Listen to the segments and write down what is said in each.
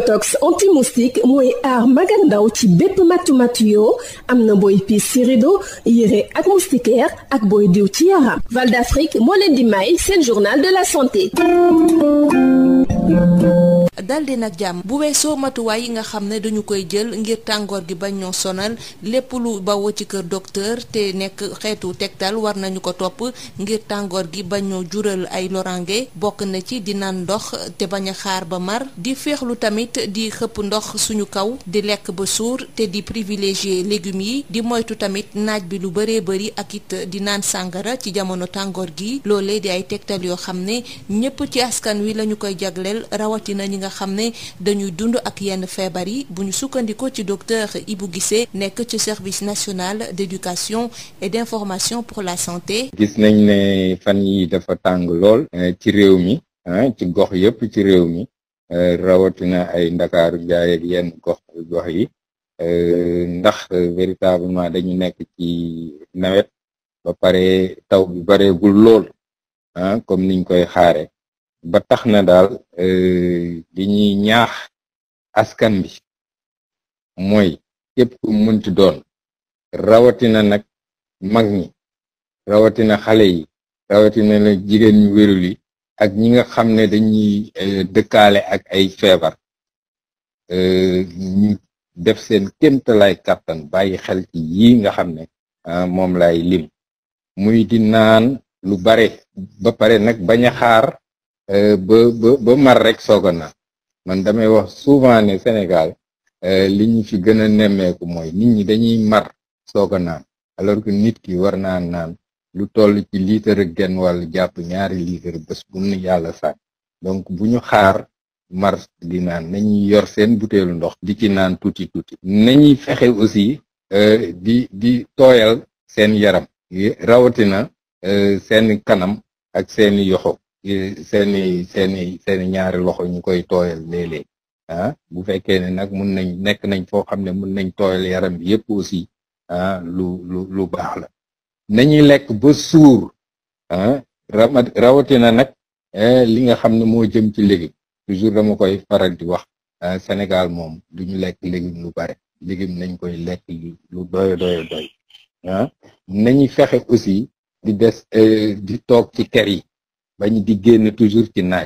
biotox anti-moustique mooy aar mag ak ndaw ci am na booy piis ci rido yére ak moustiquaire ak booy diw ci yaram Val d'Afrique moo leen di may seen journal de la santé dal di nag jàmm bu weesoo matuwaay yi nga xam ne dañu koy jël ngir tàngoor gi bañ ñoo sonal lépp lu baw ci kër docteur te nekk xeetu tegtal war nañu ko topp ngir tàngoor gi bañ ñoo jural ay lorange bokk na ci di naan ndox te bañ a xaar ba mar di féexlu tamit di xëpp ndox suñu kaw di lekk ba suur te di privilégier légumes yi di moytu tamit naaj bi lu bëree bëri ak it di naan sàngara ci jamono tàngoor gi loolee di ay tegtal yoo xam ne ñépp ci askan wi lañu koy jagleel rawatina xam ne dañuy dund ak yenn feebar yi bu ñu sukkandikoo ci docteur bu gisee nekk ci service national d'éducation et d'information pour la santé. gis nañ ne fan yi dafa tàng lool. Eh, ci réew mi eh, ci gox yëpp ci réew mi eh, rawatina ay ndakaaru njaay ak yenn gox gox yi ndax véritablement dañu nekk ci nawet ba pare taw bi bareegul lool ah comme niñ koy xaare ba tax na daal euh, li ñuy ñaax askan bi mooy képp ku doon rawatina nag mag ñi rawatina xale yi rawatina nag jigéen ñu wérul yi ak ñi nga xam ne dañuy euh, dëkkaale ak ay feebar euh, def seen kéemtalaay kàttan bàyyi xel ci yii nga xam ne moom lay lim muy di naan lu bare ba pare nag bañ a xaar Euh, ba ba ba mar rek soog naan man damay wax souvent ne Sénégal euh, li ñu fi gën a nemmeeku mooy nit ñi dañuy mar soog a naan alors que nit ki war naa naan lu toll ci litre ak genn wàll jàpp ñaari litre bés bu nu yàlla sàkk donc bu ñu xaar mar di naan nañuy yor seen butéelu ndox di ci naan tuuti tuuti nañuy fexe aussi euh, di di tooyal seen yaram rawatina seen kanam ak seeni yoxo seeni seeni seeni ñaari loxo ñu koy tooyal léeg-léeg ah, bu fekkee ne nag mun nañ nekk nañ foo xam ne mun nañ tooyal yaram bi yëpp aussi ah lu lu lu baax la nañuy lekk ba suur ah rawatina nag eh, li nga xam ne moo jëm ci légume toujours dama koy faral di wax ah, Sénégal moom duñu lekk légume lu bare légume nañ koy lekk lu doy doy doy ah fexe aussi di des eh, di toog ci kër yi bañ di génn toujours ci naaj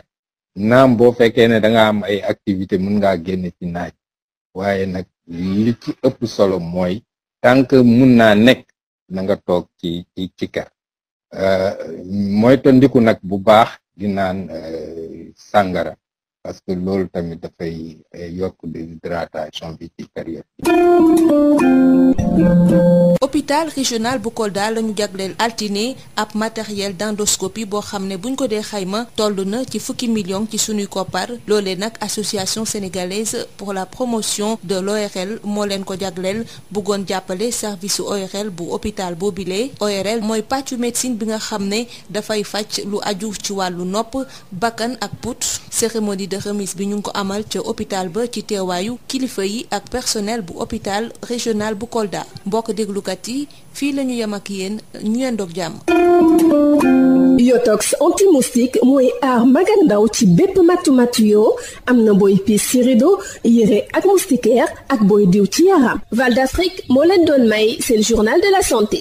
naam boo fekkee ne da nga am ay activité mën ngaa génn ci naaj waaye nag li ci ëpp solo mooy tant que mun naa nekk na nga toog ci ci ci kër euh, mooy tondiku nag bu baax di naan euh, sangara parce que loolu tamit dafay eh, yokk déshydratation bi ci période bi. hôpital régional bu Kolda la ñu jagleel altine ab matériel d'endoscopie boo xam ne buñ ko dee xayma toll na ci fukki million ci sunuy koppar loolee nag association sénégalaise pour la promotion de l'ORL moo leen ko jagleel bëggoon jàppale service ORL bu hôpital boobile ORL mooy pàccu médecine bi nga xam ne dafay fàcc lu aju ci wàllu nopp bakkan ak put cérémonie de bi ñu ngi ko amal ca hôpital ba ci teewaayu kilifa yi ak personnel bu hôpital régional bu Kolda mbokk déglukat yi fii lañu ñu yem ak yéen ñu yendoog jàmm. yotox anti-moustique mooy aar mag ndaw ci bépp matu-matu yoo am na booy piis ci rido yére ak moustiquaire ak booy diw ci yaram Val d'Afrique moo leen doon may seen journal de la santé.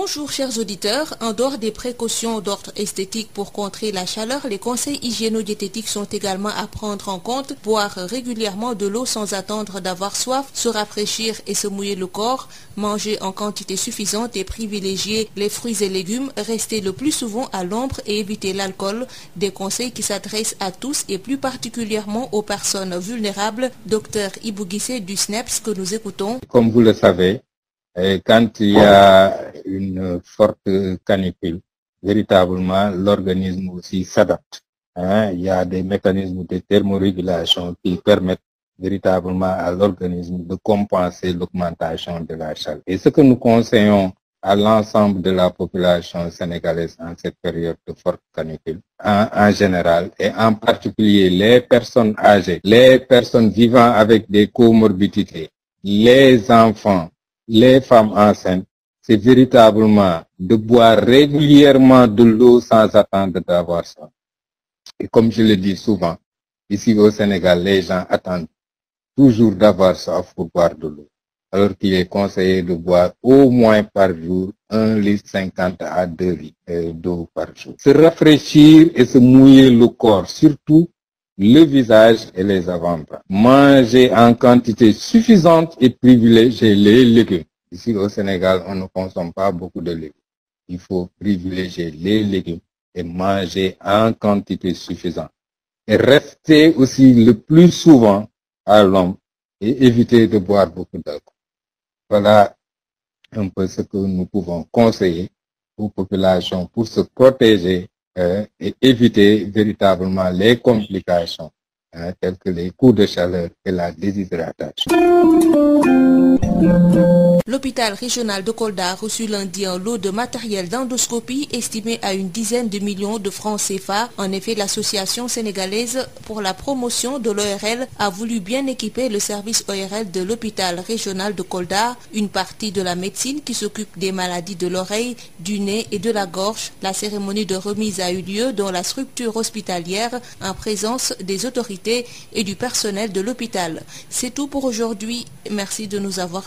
Bonjour chers auditeurs, en dehors des précautions d'ordre esthétique pour contrer la chaleur, les conseils hygiéno-diététiques sont également à prendre en compte. Boire régulièrement de l'eau sans attendre d'avoir soif, se rafraîchir et se mouiller le corps, manger en quantité suffisante et privilégier les fruits et légumes, rester le plus souvent à l'ombre et éviter l'alcool, des conseils qui s'adressent à tous et plus particulièrement aux personnes vulnérables. Docteur Ibou Guissé du SNEPS que Et quand il y a une forte canicule, véritablement, l'organisme aussi s'adapte. Hein? Il y a des mécanismes de thermorégulation qui permettent véritablement à l'organisme de compenser l'augmentation de la chaleur. Et ce que nous conseillons à l'ensemble de la population sénégalaise en cette période de forte canicule en, en, général et en particulier les personnes âgées, les personnes vivant avec des comorbidités, les enfants, les femmes enceintes, c'est véritablement de boire régulièrement de l'eau sans attendre d'avoir ça. Et comme je le dis souvent, ici au Sénégal, les gens attendent toujours d'avoir ça pour boire de l'eau. Alors qu'il est conseillé de boire au moins par jour un litre 50 à 2 litres euh, d'eau par jour. Se rafraîchir et se mouiller le corps, surtout le visage et les avant-bras. Manger en quantité suffisante et privilégier les légumes. Ici au Sénégal, on ne consomme pas beaucoup de légumes. Il faut privilégier les légumes et manger en quantité suffisante. Et rester aussi le plus souvent à l'ombre et éviter de boire beaucoup d'alcool. Voilà un peu ce que nous pouvons conseiller aux populations pour se protéger Euh, et éviter véritablement les complications hein, telles que les coups de chaleur et la déshydratation. L'hôpital régional de colda a reçu lundi un lot de matériel d'endoscopie estimé à une dizaine de millions de francs CFA. En effet, l'association sénégalaise pour la promotion de l'ORL a voulu bien équiper le service ORL de l'hôpital régional de Kolda, une partie de la médecine qui s'occupe des maladies de l'oreille, du nez et de la gorge. La cérémonie de remise a eu lieu dans la structure hospitalière en présence des autorités et du personnel de l'hôpital. C'est tout de nous